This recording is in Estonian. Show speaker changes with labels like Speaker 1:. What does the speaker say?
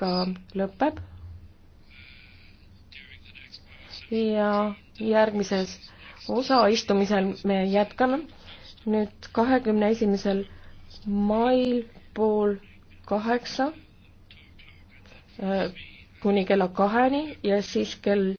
Speaker 1: ka lõpeb. ja järgmises osaistumisel me jätkame nüüd kahekümne esimesel mail pool kaheksa eh, kuni kella kaheni ja siis kell